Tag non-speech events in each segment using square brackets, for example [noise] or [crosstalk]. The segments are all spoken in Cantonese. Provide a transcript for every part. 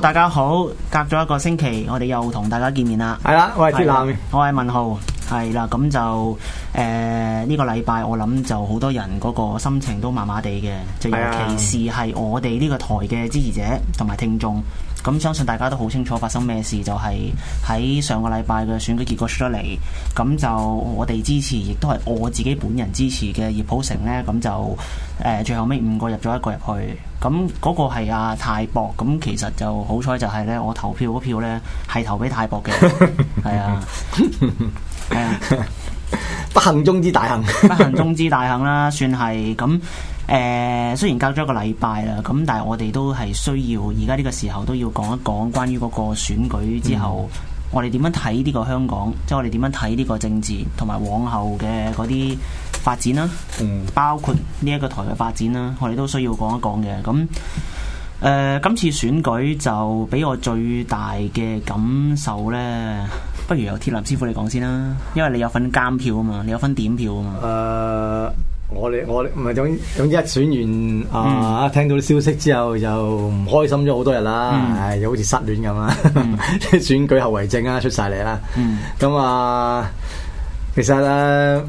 大家好，隔咗一個星期，我哋又同大家見面啦。係 [music] 啦，我係鐵男，我係文豪。係啦，咁就誒呢、呃呢個禮拜，我諗就好多人嗰個心情都麻麻地嘅，就尤其是係我哋呢個台嘅支持者同埋聽眾。 [music] 咁、嗯、相信大家都好清楚發生咩事，就係、是、喺上個禮拜嘅選舉結果出咗嚟。咁、嗯、就我哋支持，亦都係我自己本人支持嘅熱普城呢。咁就誒，最後尾五個入咗一個入去。咁、嗯、嗰、那個係阿、啊、泰博。咁、嗯、其實就好彩就係呢我投票嗰票呢，係投俾泰博嘅。係 [laughs] 啊，係、嗯、啊， [laughs] 不幸中之大幸， [laughs] 不幸中之大幸啦，算係咁。嗯誒、呃，雖然隔咗一個禮拜啦，咁但係我哋都係需要，而家呢個時候都要講一講關於嗰個選舉之後，嗯、我哋點樣睇呢個香港？即、就、係、是、我哋點樣睇呢個政治，同埋往後嘅嗰啲發展啦，嗯、包括呢一個台嘅發展啦，我哋都需要講一講嘅。咁誒、呃，今次選舉就俾我最大嘅感受呢，不如由鐵林師傅你講先啦，因為你有份監票啊嘛，你有份點票啊嘛。誒、呃。我哋我唔係總總之一選完啊，聽到啲消息之後就唔開心咗好多日啦，唉，又好似失戀咁啊！啲、嗯、選舉後遺症啊，出晒嚟啦。咁啊，其實啊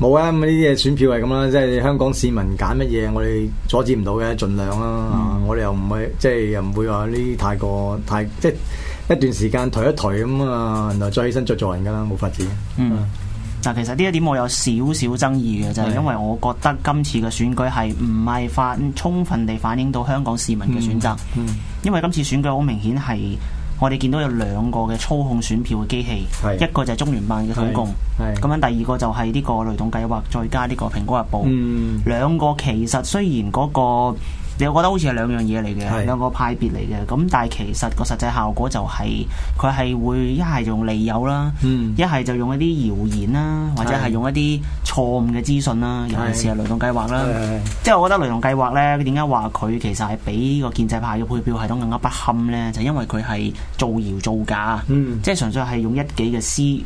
冇啊，呢啲嘢選票係咁啦，即係香港市民揀乜嘢，我哋阻止唔到嘅，盡量啦、啊。嗯、我哋又唔會即係又唔會話呢啲太過太即係一段時間頹一頹咁啊，然後再起身再做人噶啦，冇法子。嗯。嗱，其實呢一點我有少少爭議嘅，就係、是、因為我覺得今次嘅選舉係唔係反充分地反映到香港市民嘅選擇，嗯嗯、因為今次選舉好明顯係我哋見到有兩個嘅操控選票嘅機器，是一個就係中聯辦嘅土共，咁樣第二個就係呢個雷動計劃再加呢個蘋果日報，嗯、兩個其實雖然嗰、那個。你我覺得好似係兩樣嘢嚟嘅，是兩個派別嚟嘅。咁但係其實個實際效果就係佢係會一係用利誘啦，一係就用一啲謠言啦，是或者係用一啲錯誤嘅資訊啦，是尤其是係雷動計劃啦。即係我覺得雷動計劃咧，點解話佢其實係比個建制派嘅配票系統更加不堪咧？就是、因為佢係造謠造假，嗯、即係純粹係用一己嘅私。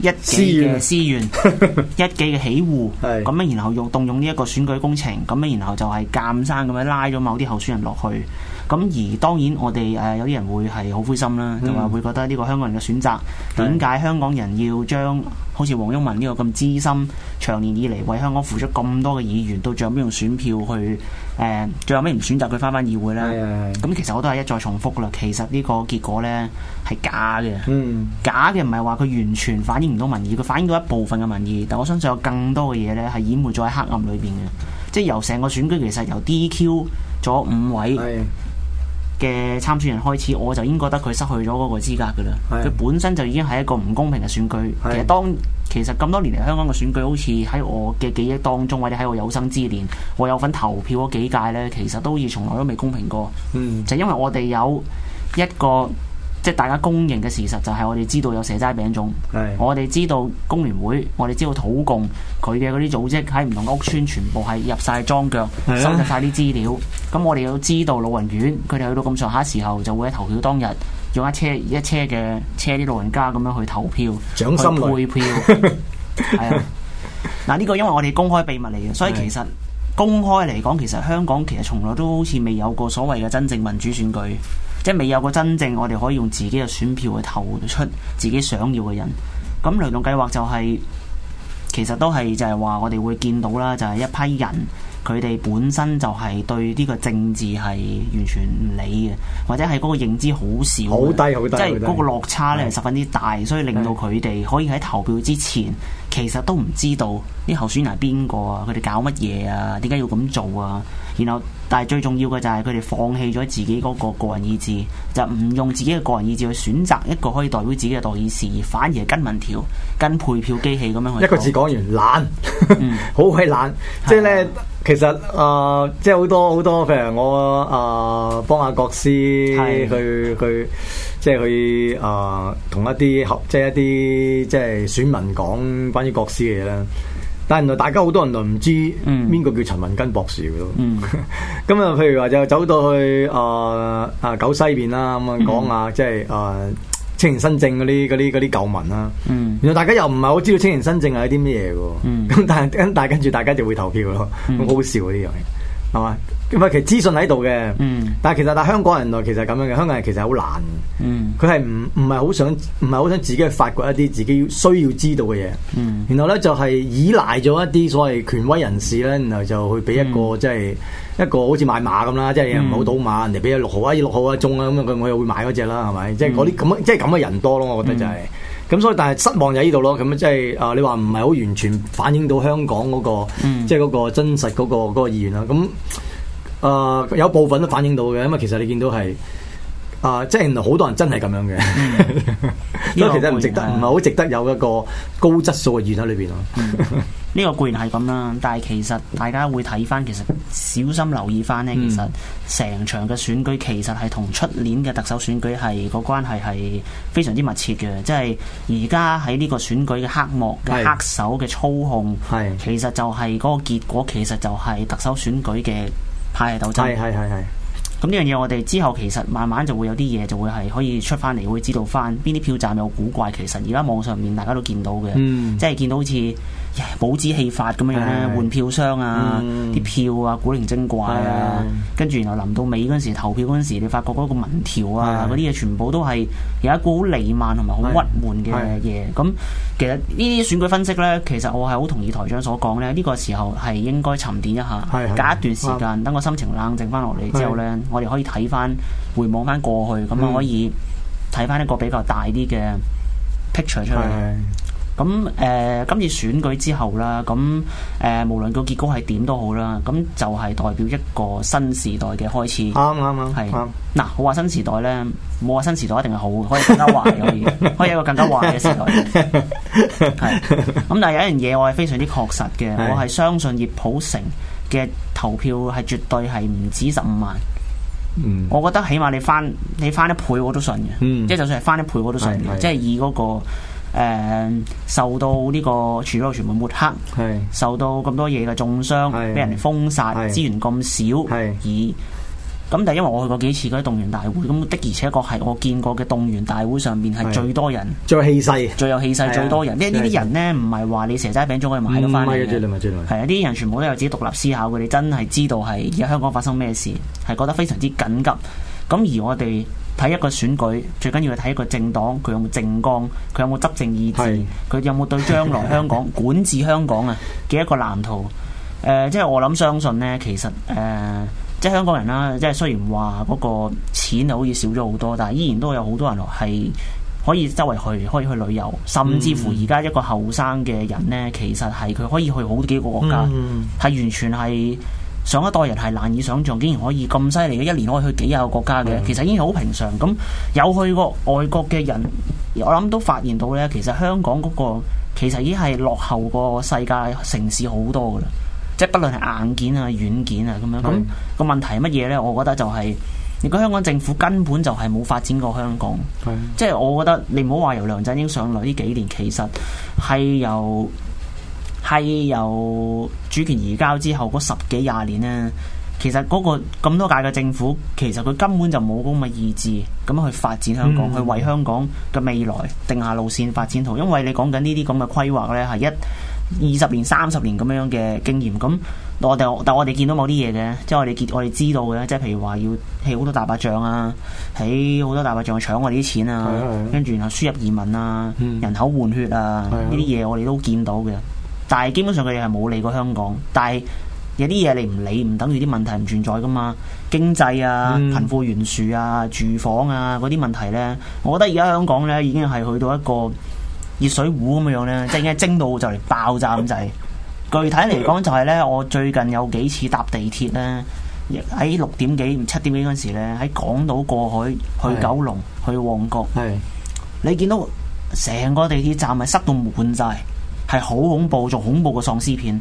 一己嘅私怨，一己嘅起戶，咁啊，然後用動用呢一個選舉工程，咁啊，然後就係鑒生咁樣拉咗某啲候選人落去。咁而當然我，我哋誒有啲人會係好灰心啦，同埋會覺得呢個香港人嘅選擇點解、嗯、香港人要將好似黃毓民呢個咁資深、長年以嚟為香港付出咁多嘅議員，到最後邊用選票去誒？最後尾唔選擇佢翻返議會咧？咁、嗯嗯、其實我都係一再重複啦。其實呢個結果咧係假嘅，假嘅唔係話佢完全反映唔到民意，佢反映到一部分嘅民意，但我相信有更多嘅嘢咧係掩沒咗喺黑暗裏邊嘅。即係由成個選舉其實由 DQ 咗五位，嗯嘅參選人開始，我就已經覺得佢失去咗嗰個資格㗎喇。佢是的 本身就已經係一個唔公平嘅選舉。是的 其實當其實咁多年嚟，香港嘅選舉好似喺我嘅記憶當中，或者喺我有生之年，我有份投票嗰幾屆呢，其實都已從來都未公平過。嗯，就因為我哋有一個。即係大家公認嘅事實，就係我哋知道有蛇齋餅糉，的我哋知道工聯會，我哋知道土共佢嘅嗰啲組織喺唔同嘅屋村，全部係入晒樁腳，的收集晒啲資料。咁我哋要知道老人院，佢哋去到咁上下時候，就會喺投票當日用一車一車嘅車啲老人家咁樣去投票，掌心去配票。係 [laughs] 啊，嗱、這、呢個因為我哋公開秘密嚟嘅，所以其實公開嚟講，其實香港其實從來都好似未有過所謂嘅真正民主選舉。即係未有個真正，我哋可以用自己嘅選票去投出自己想要嘅人。咁雷動計劃就係、是，其實都係就係話我哋會見到啦，就係、是、一批人，佢哋本身就係對呢個政治係完全唔理嘅，或者係嗰個認知好少，好低好低，低即係嗰個落差咧係十分之大，的所以令到佢哋可以喺投票之前，的其實都唔知道啲候選人係邊個啊，佢哋搞乜嘢啊，點解要咁做啊，然後。但係最重要嘅就係佢哋放棄咗自己嗰個個人意志，就唔用自己嘅個人意志去選擇一個可以代表自己嘅代議士，而反而係跟民調、跟配票機器咁樣去。一個字講完懶，好鬼懶。即係咧，其實啊，即係好多好多，譬如我啊，幫、呃、阿國師去去，即係去啊，同、就是呃、一啲即係一啲即係選民講關於國師嘅嘢啦。但原來大家好多人都唔知邊個、嗯、叫陳文根博士嘅咯。咁啊、嗯，譬如話就走到去啊啊、呃呃、九西邊啦，咁啊講下、嗯、即係啊、呃、青年新政嗰啲啲啲舊聞啦。嗯、原來大家又唔係好知道青年新政係啲咩嘢嘅。咁、嗯、但係跟帶跟住大家就會投票咯。咁、嗯、好笑呢樣嘢。係嘛？因為其實資訊喺度嘅，但係其實但係香港人嚟其實咁樣嘅，香港人其實好懶，佢係唔唔係好想唔係好想自己去發掘一啲自己需要知道嘅嘢，嗯、然後咧就係、是、依賴咗一啲所謂權威人士咧，然後就去俾一個即係、嗯、一,一個好似買馬咁啦，嗯、即係唔好賭馬，人哋俾咗六號啊，要六號啊中啊，咁我我又會買嗰隻啦，係咪？即係嗰啲咁即係咁嘅人多咯，我覺得就係、嗯。咁所以，但係失望就喺呢度咯。咁即係啊、呃，你話唔係好完全反映到香港嗰、嗰個，嗯、即係嗰個真實嗰、嗰個嗰個意願啦。咁啊、呃，有部分都反映到嘅，因為其實你見到係啊、呃，即係原來好多人真係咁樣嘅，所以、嗯、 [laughs] 其實唔值得，唔係好值得有一個高質素嘅議員喺裏邊咯。嗯 [laughs] 呢個固然係咁啦，但係其實大家會睇翻，其實小心留意翻呢。其實成場嘅選舉其實係同出年嘅特首選舉係個關係係非常之密切嘅，即係而家喺呢個選舉嘅黑幕嘅黑手嘅操控，係其實就係嗰個結果，其實就係特首選舉嘅派系鬥爭係係係。咁呢樣嘢，我哋之後其實慢慢就會有啲嘢就會係可以出翻嚟，會知道翻邊啲票站有古怪。其實而家網上面大家都見到嘅，即係見到好似。保子戲法咁樣樣咧，換票箱啊，啲票啊，古靈精怪啊，跟住原來臨到尾嗰陣時投票嗰陣時，你發覺嗰個民調啊，嗰啲嘢全部都係有一個好瀰漫同埋好鬱悶嘅嘢。咁其實呢啲選舉分析咧，其實我係好同意台長所講咧，呢個時候係應該沉澱一下，隔一段時間，等個心情冷靜翻落嚟之後咧，我哋可以睇翻回望翻過去，咁樣可以睇翻一個比較大啲嘅 picture 出嚟。咁誒、嗯呃，今次選舉之後啦，咁、嗯、誒、呃，無論個結果係點都好啦，咁就係代表一個新時代嘅開始。啱啱啱，係是。嗱對、啊，我話新時代咧，冇話新時代一定係好嘅，可以更加壞嘅，可以可以一個更加壞嘅時代。係。咁但係有一樣嘢，我係非常之確實嘅，我係相信熱普城嘅投票係絕對係唔止十五萬。的我覺得起碼你翻你翻一倍我都信嘅。即係就算係翻一倍我都信嘅，即係以嗰、那個。誒，受到呢個全國全部抹黑，是的 受到咁多嘢嘅重傷，俾是的 人封殺，是的 資源咁少，是的 而咁但係因為我去過幾次嗰啲動員大會，咁的而且確係我見過嘅動員大會上面係最多人，最有氣勢最有，最有氣勢最多人。呢呢啲人呢，唔係話你蛇齋餅都可以買到翻嘅，係呢啲人全部都有自己獨立思考嘅，你真係知道係而家香港發生咩事，係覺得非常之緊急。咁而我哋。睇一個選舉最緊要係睇一個政黨，佢有冇政綱，佢有冇執政意志，佢是有冇對將來香港 [laughs] 管治香港啊嘅一個藍圖。誒、呃，即係我諗相信呢，其實誒、呃，即係香港人啦、啊，即係雖然話嗰個錢好似少咗好多，但係依然都有好多人係可以周圍去，可以去旅遊，甚至乎而家一個後生嘅人呢，其實係佢可以去好幾個國家，係、嗯、完全係。上一代人係難以想像，竟然可以咁犀利嘅，一年可以去幾廿個國家嘅，其實已經好平常。咁有去過外國嘅人，我諗都發現到呢，其實香港嗰個其實已經係落後過世界城市好多噶啦，即係不論係硬件啊、軟件啊咁樣。咁是的 個問題係乜嘢呢？我覺得就係、是、如果香港政府根本就係冇發展過香港，即係是的 我覺得你唔好話由梁振英上來呢幾年，其實係由。係由主權移交之後嗰十幾廿年呢，其實嗰個咁多屆嘅政府，其實佢根本就冇咁嘅意志咁去發展香港，嗯、去為香港嘅未來定下路線發展圖。因為你講緊呢啲咁嘅規劃呢，係一二十年、三十年咁樣嘅經驗。咁我哋但我哋見到某啲嘢嘅，即係我哋見我哋知道嘅，即係譬如話要起好多大白象啊，起好多大白象去搶我哋啲錢啊，跟住、嗯、然後輸入移民啊，人口換血啊，呢啲嘢我哋都見到嘅。但係基本上佢哋係冇理過香港，但係有啲嘢你唔理唔等於啲問題唔存在噶嘛？經濟啊、貧富懸殊啊、住房啊嗰啲問題呢，我覺得而家香港呢已經係去到一個熱水壺咁樣呢，即係已經蒸到就嚟爆炸咁滯。 [laughs] 具體嚟講就係呢：我最近有幾次搭地鐵呢，喺六點幾、七點幾嗰陣時咧，喺港島過海去九龍、的去旺角，的你見到成個地鐵站係塞到滿晒。係好恐怖，仲恐怖過喪屍片，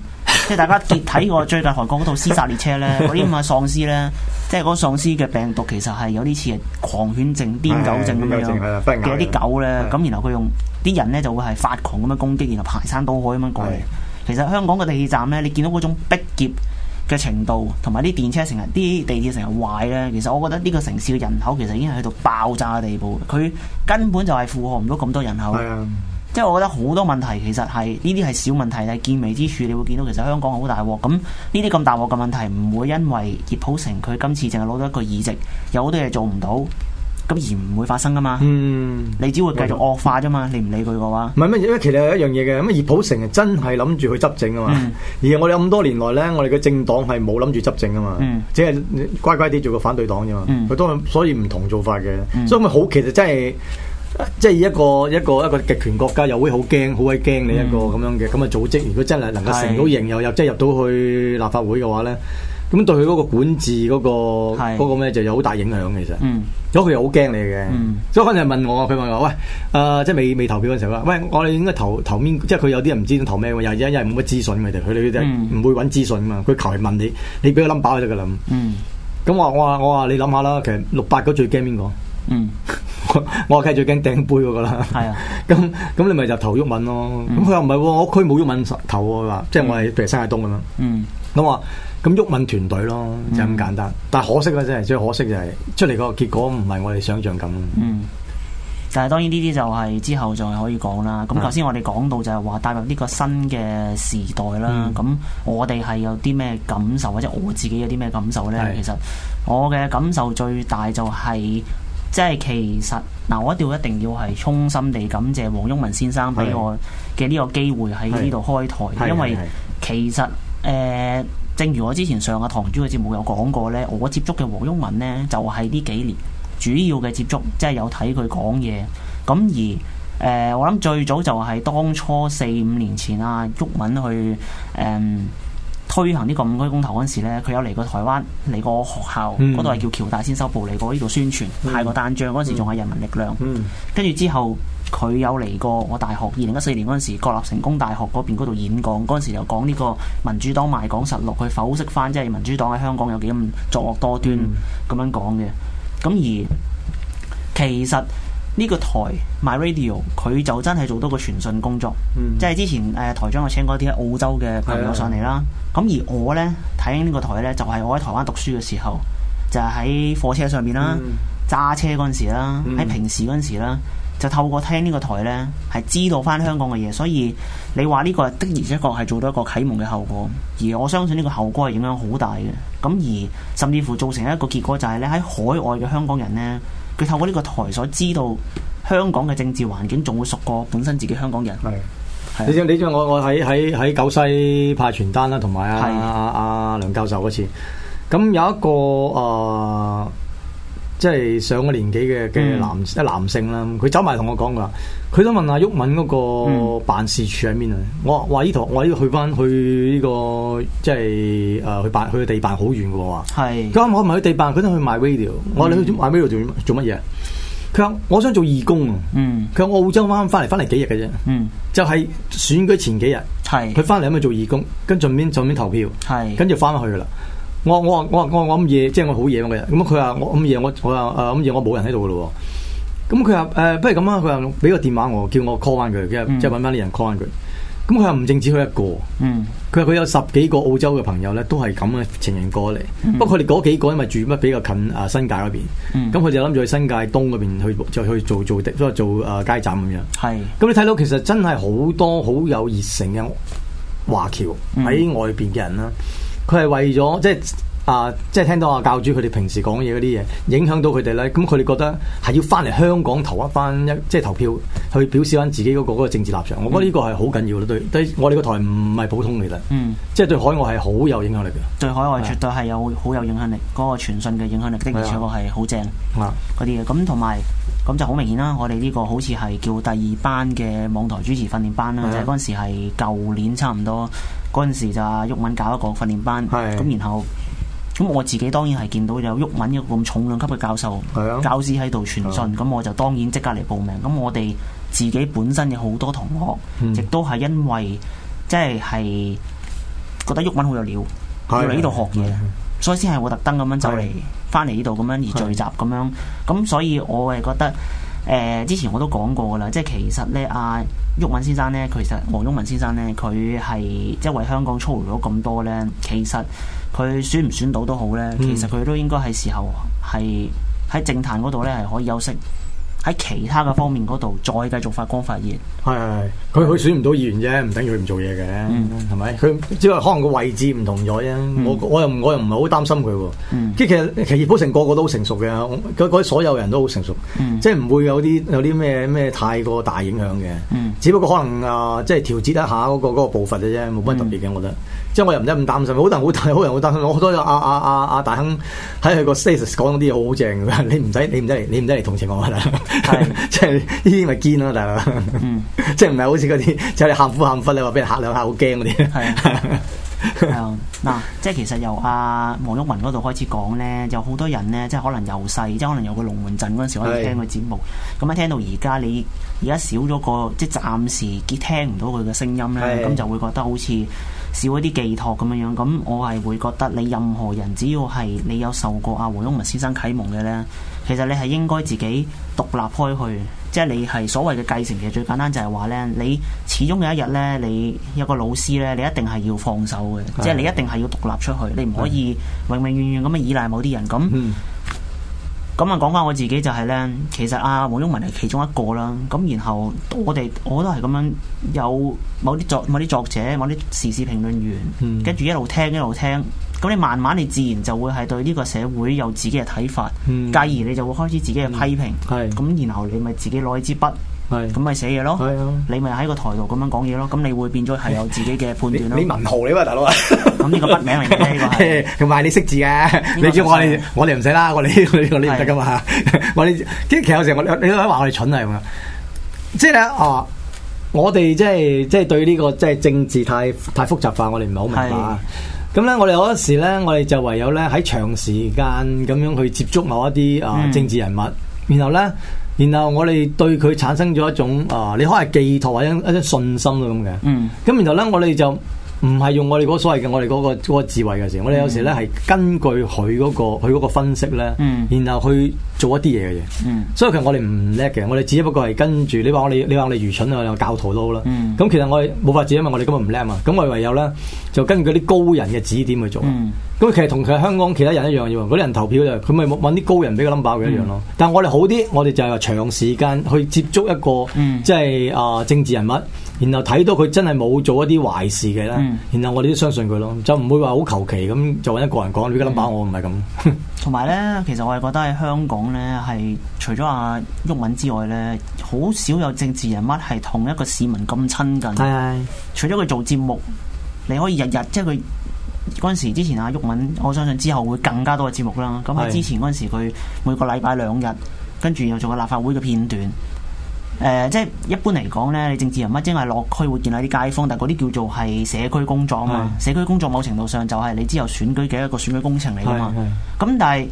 即係大家睇過最近韓國嗰套《屍殺列車》呢，嗰啲咁嘅喪屍呢，即係嗰喪屍嘅病毒其實係有啲似狂犬症、癲狗症咁樣嘅啲狗呢，咁然後佢用啲人呢就會係發狂咁樣攻擊，然後排山倒海咁樣過嚟。其實香港嘅地鐵站呢，你見到嗰種逼夾嘅程度，同埋啲電車成日啲地鐵成日壞呢。其實我覺得呢個城市嘅人口其實已經係去到爆炸嘅地步，佢根本就係負荷唔到咁多人口。即係我覺得好多問題其實係呢啲係小問題，但係見微知著。你會見到其實香港好大鑊。咁呢啲咁大鑊嘅問題唔會因為熱普城佢今次淨係攞到一個議席，有好多嘢做唔到，咁而唔會發生噶嘛？嗯，你只會繼續惡化啫嘛。嗯、你唔理佢嘅話，唔係咩？因為其實係一樣嘢嘅。咁熱普城係真係諗住去執政啊嘛。嗯、而我哋咁多年來咧，我哋嘅政黨係冇諗住執政啊嘛。嗯，只係乖乖啲做個反對黨啫嘛。佢、嗯、都係所以唔同做法嘅，嗯嗯、所以咪好其實真係。即係一個一個一個極權國家，又會好驚，好鬼驚你一個咁樣嘅咁嘅組織。如果真係能夠成到型，又又即係入到去立法會嘅話咧，咁對佢嗰個管治嗰個，嗰個咩就有好大影響。其實，如果佢又好驚你嘅，所以嗰陣又問我啊，佢問我喂，誒，即係未未投票嗰陣時候喂，我哋應該投投邊？即係佢有啲人唔知投咩，又因因為冇乜資訊嘅，佢哋佢哋唔會揾資訊噶嘛，佢求人問你，你俾個 number 就得噶啦。嗯，咁我我我話你諗下啦，其實六八嗰最驚邊個？嗯， [laughs] 我我係最驚掟杯嗰個啦。係啊，咁咁 [laughs] 你咪就投毓民咯。咁佢又唔係，我屋企冇毓民投佢啦，即係我係譬如三廿東咁樣。嗯，咁話咁毓民團隊咯，就咁簡單。但係可惜咧，真係最可惜就係、是、出嚟個結果唔係我哋想象咁。嗯，但係當然呢啲就係之後仲可以講啦。咁頭先我哋講到就係話踏入呢個新嘅時代啦。咁、嗯、我哋係有啲咩感受，或者我自己有啲咩感受咧？是其實我嘅感受最大就係、是。即係其實嗱、啊，我一定要一定要係衷心地感謝黃毓民先生俾我嘅呢個機會喺呢度開台，的因為其實誒、呃，正如我之前上啊唐珠嘅節目有講過呢，我接觸嘅黃毓民呢，就係、是、呢幾年主要嘅接觸，即係有睇佢講嘢咁而誒、呃，我諗最早就係當初四五年前啊，毓民去誒。嗯推行呢個五區公投嗰陣時咧，佢有嚟過台灣，嚟過學校嗰度係叫僑大先修部，嚟過呢度宣傳，嗯、派過單張嗰陣時仲係人民力量。跟住、嗯、之後，佢有嚟過我大學，二零一四年嗰陣時，國立成功大學嗰邊嗰度演講，嗰陣時又講呢個民主黨賣港實錄，去剖析翻即係民主黨喺香港有幾咁作惡多端咁、嗯、樣講嘅。咁而其實。呢個台 My Radio 佢就真係做到個傳訊工作，嗯、即係之前誒、呃、台長我請過啲澳洲嘅朋友上嚟啦。咁的而我呢，睇緊呢個台呢，就係、是、我喺台灣讀書嘅時候，就喺、是、貨車上面啦、揸、嗯、車嗰陣時啦、喺、嗯、平時嗰陣時啦，就透過聽呢個台呢，係知道翻香港嘅嘢。所以你話呢個的而且確係做到一個啟蒙嘅後果，而我相信呢個後果係影響好大嘅。咁而甚至乎造成一個結果，就係咧喺海外嘅香港人呢。佢透過呢個台所知道香港嘅政治環境，仲會熟過本身自己香港人。係的，係的。你知，你知的我我喺喺喺九西派傳單啦，同埋阿阿梁教授嗰次，咁有一個誒。呃即係上個年紀嘅嘅男即係、嗯、男性啦，佢走埋同我講噶，佢想問阿毓民嗰個辦事處喺邊啊？我話，呢度，我呢度去翻去呢、這個即係誒去辦去地辦好遠嘅喎。佢話是我唔係去地辦，佢想去 MyRadio 我話你去、嗯、做 MyRadio 做做乜嘢佢話：我想做義工啊。嗯。佢話澳洲翻翻嚟，翻嚟幾日嘅啫。嗯。就係選舉前幾日。係是。佢翻嚟咁去做義工，跟住邊做邊投票。係是。跟住翻返去嘅啦。我我我我我咁夜，即係我好夜咁嘅人。咁佢話我咁夜，我我話誒咁夜，我冇人喺度噶咯。咁佢話誒，不如咁啊！佢話俾個電話我，叫我 call 翻佢，即係即係搵翻啲人 call 翻佢。咁佢話唔淨止佢一個，佢話佢有十幾個澳洲嘅朋友咧，都係咁嘅情形過嚟。不過佢哋嗰幾個因為住乜比較近誒新界嗰邊，咁佢、嗯、就諗住去新界東嗰邊去就去做做的，即係做誒街站咁樣。係是。咁你睇到其實真係好多好有熱誠嘅華僑喺外邊嘅人啦。嗯嗯佢係為咗即係啊，即係聽到阿教主佢哋平時講嘢嗰啲嘢，影響到佢哋咧。咁佢哋覺得係要翻嚟香港投一翻一，即係投票去表示翻自己嗰個政治立場。我覺得呢個係好緊要咯。對對，我哋個台唔係普通嚟嘅，嗯，即係對海外係好有影響力嘅。對海外絕對係有好有影響力，嗰、嗰個傳訊嘅影響力的而且確係好正啊嗰啲嘢。咁同埋咁就好明顯啦。我哋呢個好似係叫第二班嘅網台主持訓練班啦，啊、就係嗰陣時係舊年差唔多。嗰陣時就阿毓民搞一個訓練班，咁的然後咁我自己當然係見到有毓民一個咁重量級嘅教授的教師喺度傳訊，咁的我就當然即刻嚟報名。咁我哋自己本身有好多同學，亦都係因為即係係覺得毓民好有料，的要嚟呢度學嘢，的所以先係我特登咁樣走嚟翻嚟呢度咁樣而聚集咁的樣。咁所以我係覺得。誒、呃、之前我都講過噶啦，即係其實咧阿毓民先生咧，其實黃毓民先生咧，佢係即係為香港操勞咗咁多咧，其實佢選唔選到都好咧，嗯、其實佢都應該係時候係喺政壇嗰度咧係可以休息，喺其他嘅方面嗰度再繼續發光發熱。係係係。佢佢選唔到議員啫，唔等於佢唔做嘢嘅，係咪？佢只係可能個位置唔同咗啫。我我又我又唔係好擔心佢喎。啲其實企業股成個個都好成熟嘅，嗰啲所有人都好成熟，即係唔會有啲有啲咩咩太過大影響嘅。只不過可能啊，即係調節一下嗰個嗰個步伐嘅啫，冇乜特別嘅。我覺得，即係我又唔使咁擔心。好多人好人好擔心，我覺得阿阿阿阿大亨喺佢個 status 講啲嘢好好正。你唔使你唔使你唔使嚟同情我，即係呢啲咪堅咯，大佬，即係唔係好？嗰啲即係喊苦喊忽，你話俾人嚇兩下好驚嗰啲。係啊，嗱，即係其實由阿、啊、黃毓民嗰度開始講咧，有好多人咧，即係可能由細，即係可能有個龍門陣嗰陣時可以聽佢節目，咁啊是、嗯、聽到而家，你而家少咗個，即係暫時佢聽唔到佢嘅聲音咧，咁是 就會覺得好似少一啲寄託咁樣樣。咁我係會覺得，你任何人只要係你有受過阿、啊、黃毓民先生啟蒙嘅咧，其實你係應該自己獨立開去。即係你係所謂嘅繼承，其實最簡單就係話呢：你始終有一日呢，你有個老師呢，你一定係要放手嘅，的即係你一定係要獨立出去，你唔可以永永遠遠咁樣依賴某啲人。咁咁啊，講翻、嗯、我自己就係呢。其實阿黃毓民係其中一個啦。咁然後我哋我都係咁樣有某啲作某啲作者、某啲時事評論員，跟住、嗯、一路聽一路聽。咁你慢慢你自然就會係對呢個社會有自己嘅睇法，繼而你就會開始自己嘅批評，咁然後你咪自己攞支筆，咁咪寫嘢咯。你咪喺個台度咁樣講嘢咯。咁你會變咗係有自己嘅判斷咯。你文豪嚟嘛，大佬啊？咁呢個筆名嚟嘅呢，同埋你識字嘅。你知我哋我哋唔使啦，我哋我哋得噶嘛。我哋其實有時我你都話我哋蠢啊，係嘛？即係咧，我哋即係即係對呢個即係政治太太複雜化，我哋唔係好明白。咁咧，我哋嗰時咧，我哋就唯有咧喺長時間咁樣去接觸某一啲啊政治人物，然後咧，然後我哋對佢產生咗一種啊，你可能寄託或者一種信心咯咁嘅。嗯。咁然後咧，我哋就唔係用我哋嗰所謂嘅我哋嗰、嗰個、嗰個嗰個智慧嘅時候，嗯、我哋有時咧係根據佢嗰、嗰個佢嗰個分析咧，嗯，然後去。做一啲嘢嘅嘢，嗯、所以其實我哋唔叻嘅，我哋只不過係跟住你話我哋，你話我哋愚蠢啊，教徒都好啦。咁、嗯、其實我哋冇法子，因為我哋根本唔叻啊嘛。咁我哋唯有咧，就跟嗰啲高人嘅指點去做。咁、嗯、其實同佢香港其他人一樣啫，嗰啲人投票就佢咪問啲高人俾個 number 嘅一樣咯。嗯、但係我哋好啲，我哋就係話長時間去接觸一個，嗯、即係啊、呃、政治人物，然後睇到佢真係冇做一啲壞事嘅咧，嗯、然後我哋都相信佢咯，就唔會話好求其咁就搵一個人講呢個 number，我唔係咁。 [laughs] [laughs] 同埋咧，其實我係覺得喺香港咧，係除咗阿毓民之外咧，好少有政治人物係同一個市民咁親近。係， [music] 除咗佢做節目，你可以日日即係佢嗰陣時之前阿毓民，我相信之後會更加多嘅節目啦。咁喺之前嗰陣時，佢 [music] 每個禮拜兩日，跟住又做個立法會嘅片段。誒、呃，即係一般嚟講呢，你政治人物即係落區會見下啲街坊，但係嗰啲叫做係社區工作啊嘛。是社區工作某程度上就係你之後選舉嘅一個選舉工程嚟噶嘛。咁但係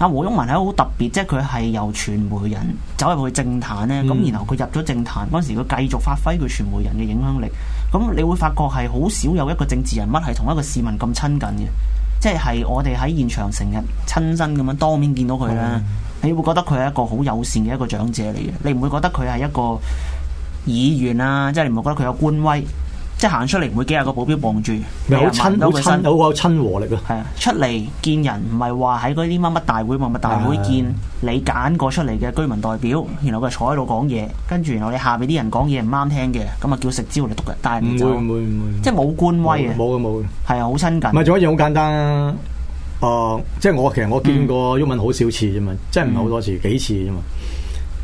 阿胡鴻文係好特別，即係佢係由傳媒人走入去政壇呢。咁、嗯、然後佢入咗政壇嗰陣時，佢繼續發揮佢傳媒人嘅影響力。咁你會發覺係好少有一個政治人物係同一個市民咁親近嘅，即係係我哋喺現場成日親身咁樣當面見到佢啦。嗯你會覺得佢係一個好友善嘅一個長者嚟嘅，你唔會覺得佢係一個議員啊，即係你唔會覺得佢有官威，即係行出嚟唔會幾廿個保鏢望住，咪好親好親好親和力咯。係啊，出嚟見人唔係話喺嗰啲乜乜大會、乜乜大會見你揀過出嚟嘅居民代表，然後佢坐喺度講嘢，跟住然後你下邊啲人講嘢唔啱聽嘅，咁啊叫食蕉嚟篤嘅，但係唔會唔會唔會，會會即係冇官威啊，冇嘅冇嘅，係啊，好親近。唔仲做一樣好簡單、啊。哦、呃，即係我其實我見過毓民好少次啫嘛，即係唔係好多次，幾次啫嘛。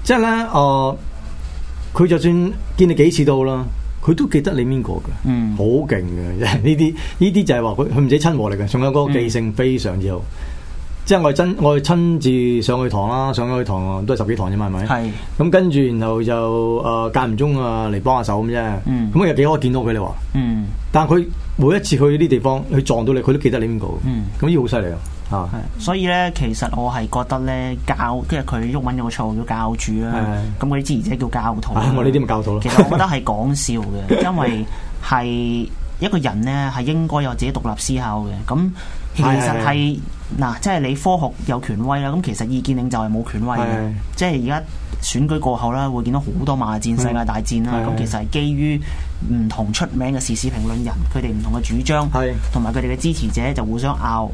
即係咧，誒、呃，佢就算見你幾次都好啦，佢都記得你邊個嘅，嗯，好勁嘅。呢啲呢啲就係話佢佢唔止親和力嘅，仲有嗰個記性非常之好。嗯即係我係真，我係親自上去堂啦、啊，上去堂、啊、都係十幾堂啫嘛，係咪？係。咁跟住，然後就誒間唔中啊嚟幫下手咁啫。嗯。咁又幾可以見到佢哋喎？嗯。但佢每一次去啲地方，佢撞到你，佢都記得你邊個。嗯。咁呢好犀利啊！所以咧，其實我係覺得咧，教即係佢毓民個錯叫教主啦、啊。咁嗰啲支持者叫教徒。是的 [laughs] 我呢啲咪教徒咯。 [laughs] 其實我覺得係講笑嘅，因為係一個人咧係應該有自己獨立思考嘅。咁其實係。嗱、啊，即係你科學有權威啦，咁其實意見領就係冇權威嘅。的即係而家選舉過後啦，會見到好多罵戰、世界大戰啦。咁的其實基於唔同出名嘅時事評論人，佢哋唔同嘅主張，同埋佢哋嘅支持者就互相拗，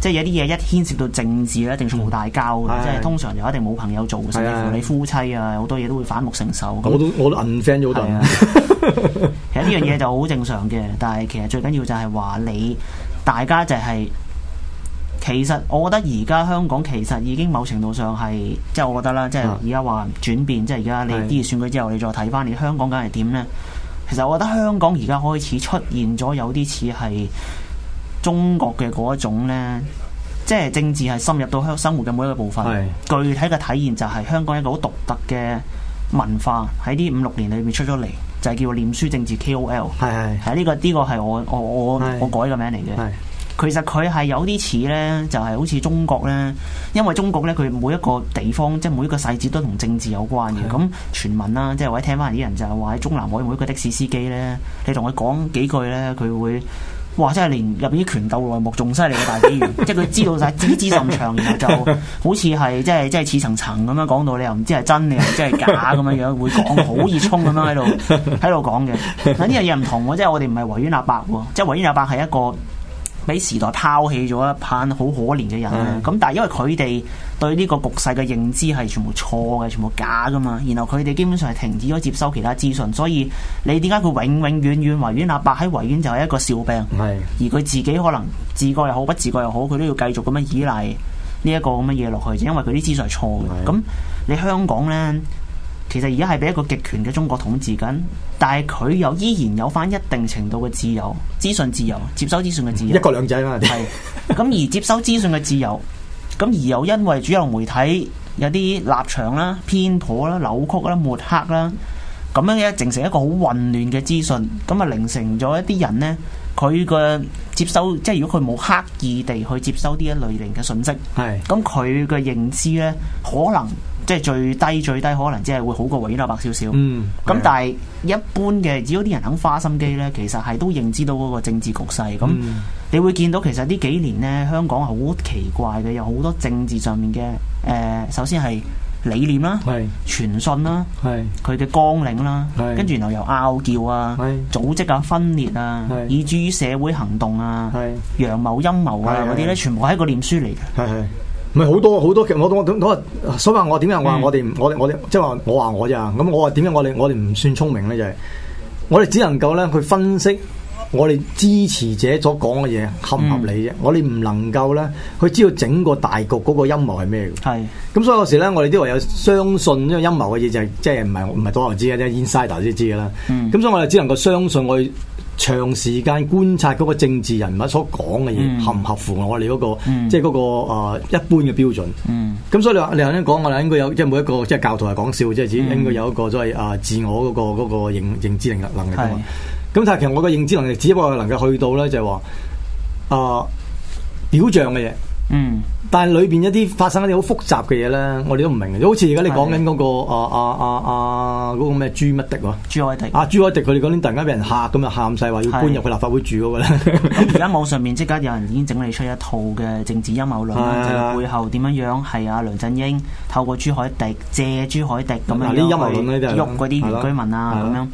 即係有啲嘢一牽涉到政治一定嘈大交嘅。的即係通常就一定冇朋友做甚至乎你夫妻啊，好的多嘢都會反目成仇。我都我都 unfriend 咗是的 [laughs] 其實呢樣嘢就好正常嘅，但係其實最緊要就係話你大家就係、是。其實我覺得而家香港其實已經某程度上係，即係我覺得啦，即係而家話轉變，嗯、即係而家你啲選舉之後，你再睇翻你香港梗係點呢？其實我覺得香港而家開始出現咗有啲似係中國嘅嗰種呢，即係政治係深入到香生活嘅每一個部分。是具體嘅體現就係香港一個好獨特嘅文化喺啲五六年裏面出咗嚟，就係、是、叫臉書政治 KOL。係呢是、這個呢、這個係我我我，是是我改嘅名嚟嘅。其實佢係有啲似咧，就係、是、好似中國咧，因為中國咧佢每一個地方，即係每一個細節都同政治有關嘅。咁是的 傳聞啦、啊，即係我哋聽翻啲人，人就係話喺中南海每一個的士司機咧，你同佢講幾句咧，佢會哇！真係連入邊啲拳鬥內幕仲犀利過大紀元， [laughs] 即係佢知道曬知之甚詳，就好似係即係即係似層層咁樣講到，你又唔知係真你又即係假咁樣樣會講好熱衷咁樣喺度喺度講嘅。但呢樣嘢唔同喎，即係我哋唔係維園阿伯喎，即係維園阿伯係一個。俾時代拋棄咗一班好可憐嘅人咧，咁、嗯、但係因為佢哋對呢個局勢嘅認知係全部錯嘅，全部假噶嘛，然後佢哋基本上係停止咗接收其他資訊，所以你點解佢永永遠遠維園阿伯喺維園就係一個笑柄，是而佢自己可能自覺又好不自覺又好，佢都要繼續咁樣依賴呢一個咁嘅嘢落去，就因為佢啲資訊係錯嘅。咁是你香港呢？其實而家係俾一個極權嘅中國統治緊，但係佢又依然有翻一定程度嘅自由，資訊自由，接收資訊嘅自由。一國兩制啦，係的。咁 [laughs] 而接收資訊嘅自由，咁而又因為主流媒體有啲立場啦、偏頗啦、扭曲啦、抹黑啦，咁樣呢，形成一個好混亂嘅資訊，咁啊形成咗一啲人呢，佢嘅接收即係如果佢冇刻意地去接收呢一類型嘅信息，係的。咁佢嘅認知呢，可能。即係最低最低，可能即係會好過維園白少少。嗯，咁但係一般嘅，如果啲人肯花心機呢，其實係都認知到嗰個政治局勢。咁你會見到其實呢幾年呢，香港係好奇怪嘅，有好多政治上面嘅誒，首先係理念啦，係傳訊啦，係佢嘅綱領啦，跟住然後又拗撬啊，組織啊，分裂啊，以至於社會行動啊，陽謀陰謀啊嗰啲呢，全部係一個臉書嚟嘅。係係。唔係好多好多嘅、嗯，我我我所以話我點解我話我哋我哋即係話我話我啫，咁我話點解我哋我哋唔算聰明咧，就係、是、我哋只能夠咧去分析我哋支持者所講嘅嘢合唔合理啫，嗯、我哋唔能夠咧去知道整個大局嗰個陰謀係咩嘅。係，咁所以有時咧，我哋都唯有相信呢個陰謀嘅嘢、就是，就係即係唔係唔係多人知嘅啫、就是、insider 先知嘅啦。咁、嗯、所以我哋只能夠相信我哋。長時間觀察嗰個政治人物所講嘅嘢，嗯、合唔合乎我哋嗰個，即係嗰個誒一般嘅標準。咁所以你話你頭先講我哋應該有，即係每一個即係教徒係講笑，嗯、即係只應該有一個所謂啊自我嗰、那個嗰、那個認認知能力能力。咁是但係其實我嘅認知能力只不過能夠去到咧，就係話啊表象嘅嘢。嗯，但係裏邊一啲發生一啲好複雜嘅嘢咧，我哋都唔明嘅。好似而家你講緊嗰個啊啊啊啊嗰個咩朱乜迪啊，朱海迪，啊、朱海迪啊，朱海迪佢哋嗰邊突然間俾人吓咁啊喊晒，話要搬入去立法會住個咧。而家網上面即刻有人已經整理出一套嘅政治陰謀論，是的 背後點樣樣係阿梁振英透過朱海迪借朱海迪咁樣喐嗰啲原居民啊咁樣。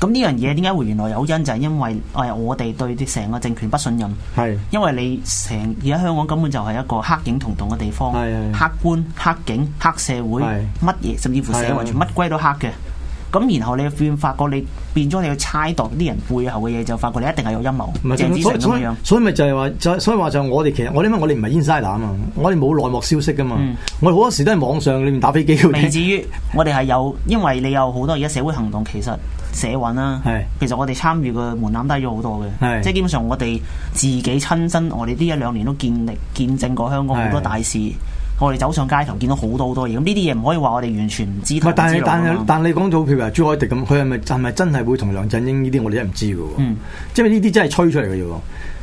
咁呢樣嘢點解會原來有因？就係、是、因為誒我哋對啲成個政權不信任，係是因為你成而家香港根本就係一個黑警同重嘅地方，係係是黑官、黑警、黑社會，乜嘢是甚至乎社會是是是全乜鬼都黑嘅。咁然後你會發覺你變咗你去猜度啲人背後嘅嘢，就發覺你一定係有陰謀、政治上咁樣。所以咪就係話，所以話就我哋其實，我因為我哋唔係 insider 啊，我哋冇內幕消息噶嘛。嗯、我哋好多時都係網上你唔打飛機嗰未至於 [laughs] 我哋係有，因為你有好多而家社會行動，其實社運啦，是其實我哋參與嘅門檻低咗好多嘅。即係是基本上我哋自己親身，我哋呢一兩年都見力見證過香港好多大事。是我哋走上街頭，見到好多好多嘢，咁呢啲嘢唔可以話我哋完全唔知道。但但但你講到譬如話朱凱迪咁，佢係咪係咪真係會同梁振英呢啲？我哋都唔知㗎喎。即係呢啲真係吹出嚟嘅啫喎。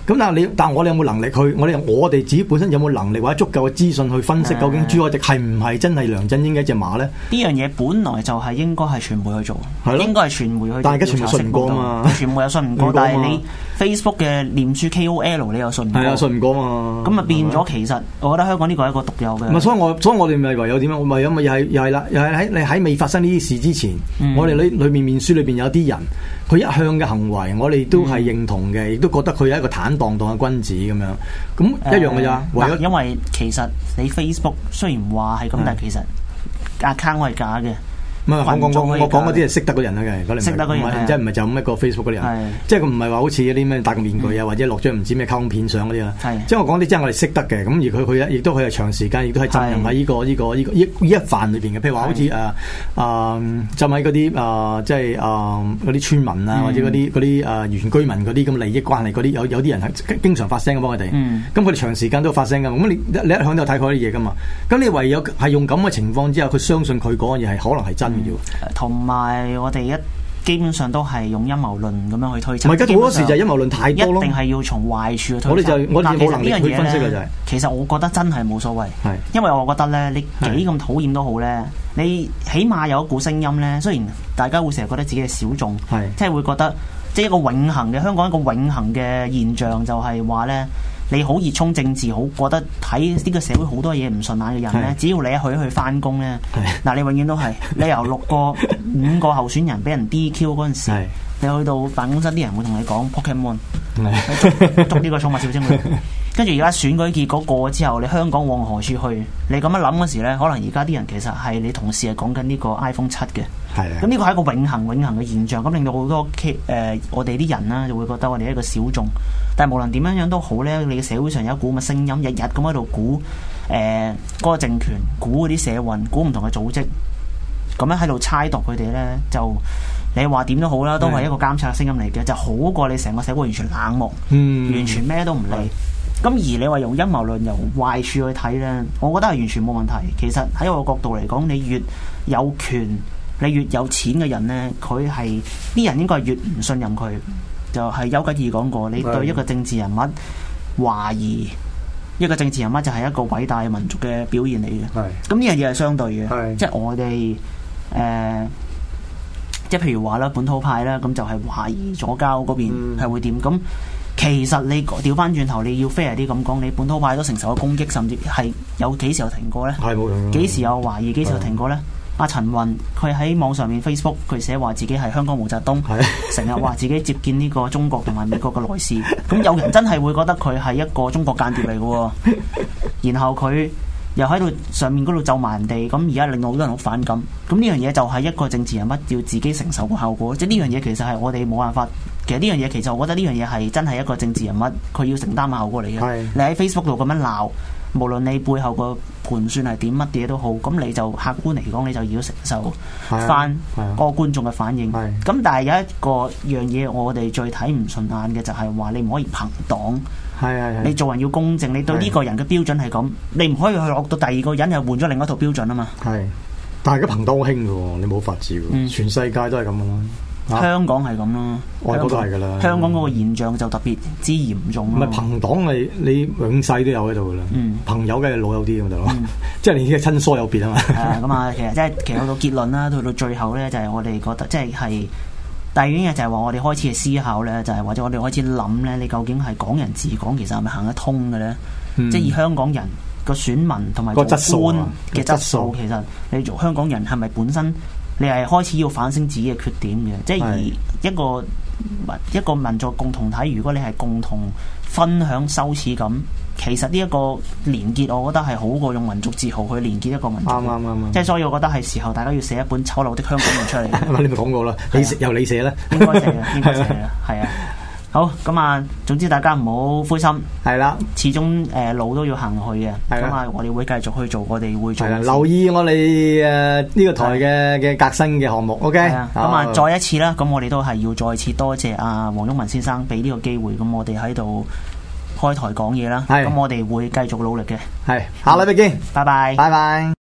咁但係你，但我有冇能力去？我哋我哋自己本身有冇能力或者足夠嘅資訊去分析究竟朱凱迪係唔係真係梁振英嘅一隻馬咧？呢樣嘢本來就係應該係傳媒去做，係咯的，應該係傳媒去做。但係而家全部信過啊嘛，傳媒有信唔過， [laughs] 但係你。Facebook 嘅面書 KOL，你又信？係啊，信唔過嘛？咁啊，變咗其實，是是我覺得香港呢個係一個獨有嘅。唔係，所以我所以我哋咪唯有點樣？唔係，因為又係又係啦，又係喺你喺未發生呢啲事之前，嗯、我哋裏裏面面書裏邊有啲人，佢一向嘅行為，我哋都係認同嘅，亦、嗯、都覺得佢係一個坦蕩蕩嘅君子咁樣。咁一樣嘅咋？為咗、嗯、有因為其實你 Facebook 雖然話係咁，是但係其實 account 係假嘅。唔，我講嗰啲係識得個人嚟嘅，識得嗰啲人即係唔係就咁一個 Facebook 嗰啲人，即係佢唔係話好似啲咩戴個面具啊，或者落咗唔知咩卡通片相嗰啲啦。即係我講啲真係我哋識得嘅，咁而佢佢亦都佢係長時間，亦都係浸淫喺呢個呢個呢呢呢一範裏邊嘅。譬如話好似誒誒浸喺嗰啲誒即係誒嗰啲村民啊，或者嗰啲啲誒原居民嗰啲咁利益關係嗰啲，有有啲人係經常發聲咁幫佢哋。咁佢哋長時間都發聲嘅，咁你你一向都睇佢啲嘢㗎嘛？咁你唯有係用咁嘅情況之下，佢相信佢講嘢係可能係真。同埋、嗯、我哋一基本上都係用陰謀論咁樣去推測，唔係，而家好多時就陰謀論太多咯。一定係要從壞處去推測。我哋就我我我呢樣嘢咧，分析就是、其實我覺得真係冇所謂。係是，因為我覺得咧，你幾咁討厭都好咧，你起碼有一股聲音咧。雖然大家會成日覺得自己係小眾，係是，即係會覺得即係一個永恆嘅香港一個永恆嘅現象就，就係話咧。你好熱衷政治，好覺得睇呢個社會好多嘢唔順眼嘅人呢。是只要你去一去翻工呢，嗱是、啊、你永遠都係你由六個 [laughs] 五個候選人俾人 DQ 嗰陣時，是你去到辦公室啲人會同你講 Pokemon，是捉呢個寵物小精靈，跟住而家選舉結果過咗之後，你香港往何處去？你咁樣諗嗰時咧，可能而家啲人其實係你同事係講緊呢個 iPhone 七嘅。咁呢個係一個永恒、永恒嘅現象，咁令到好多，誒、呃，我哋啲人呢就會覺得我哋一個小眾。但係無論點樣樣都好呢，你嘅社會上有一股嘅聲音，日日咁喺度估，誒、呃，嗰、嗰個政權估嗰啲社運，估唔同嘅組織，咁樣喺度猜度佢哋呢，就你話點都好啦，都係一個監察聲音嚟嘅。是的 就好過你成個社會完全冷漠，嗯、完全咩都唔理。咁是的 而你話用陰謀論由壞處去睇呢，我覺得係完全冇問題。其實喺我角度嚟講，你越有權。你越有錢嘅人呢，佢係啲人應該係越唔信任佢。就係、是、丘吉爾講過，你對一個政治人物懷疑，一個政治人物就係一個偉大民族嘅表現嚟嘅。咁呢是樣嘢係相對嘅是、呃，即係我哋即係譬如話啦，本土派啦，咁就係懷疑左交嗰邊係會點？咁、嗯、其實你調翻轉頭，你要 fair 啲咁講，你本土派都承受咗攻擊，甚至係有幾時有停過呢？係冇用。幾時有懷疑？幾時有停過呢？阿陳雲，佢喺網上面 Facebook，佢寫話自己係香港毛澤東，成日話自己接見呢個中國同埋美國嘅來使。咁有人真係會覺得佢係一個中國間諜嚟嘅。然後佢又喺度上面嗰度咒埋人哋，咁而家令到好多人好反感。咁呢樣嘢就係一個政治人物要自己承受嘅效果。即係呢樣嘢其實係我哋冇辦法。其實呢樣嘢其實我覺得呢樣嘢係真係一個政治人物佢要承擔嘅效果嚟嘅。的你喺 Facebook 度咁樣鬧。無論你背後個盤算係點乜嘢都好，咁你就客觀嚟講，你就要承受返、啊啊、個觀眾嘅反應。咁、啊啊、但係有一個樣嘢，我哋最睇唔順眼嘅就係話你唔可以朋黨。啊啊、你做人要公正，你對呢個人嘅標準係咁，啊、你唔可以去落到第二個人又換咗另一套標準啊嘛。係、啊，但係而家朋黨好興嘅，你冇法治，嗯、全世界都係咁樣。啊、香港係咁咯，外國都係噶啦。香港嗰個現象就特別之嚴重咯。唔係朋黨，你你永世都有喺度噶啦。嗯、朋友嘅老友啲咁就咯，嗯、 [laughs] 即係你嘅親疏有別啊嘛。咁啊，其實即係其實到結論啦，到到最後咧，就係、是、我哋覺得即係係第二樣嘢，就係話我哋開始嘅思考咧，就係、是、或者我哋開始諗咧，你究竟係港人治港，其實係咪行得通嘅咧？嗯、即係以香港人個選民同埋個質素嘅質素，其實你做香港人係咪本身？你係開始要反省自己嘅缺點嘅，即係而一個是一個民族共同體，如果你係共同分享羞恥感，其實呢一個連結，我覺得係好過用民族自豪去連結一個民族。啱啱啱，即係所以，我覺得係時候大家要寫一本《醜陋的香港人》出嚟。 [laughs] 你咪講過啦，你、啊、由你寫啦， [laughs] 應該寫嗎啊，應該寫啊，係啊。好，咁啊，總之大家唔好灰心，係啦的，始終誒、呃、路都要行去嘅，咁啊的，我哋會繼續去做，我哋會做，留意我哋誒呢個台嘅嘅的革新嘅項目，OK，咁啊，哦、再一次啦，咁我哋都係要再次多謝阿、啊、黃毓民先生俾呢個機會，咁我哋喺度開台講嘢啦，咁的我哋會繼續努力嘅，係，下禮拜見，拜拜，拜拜。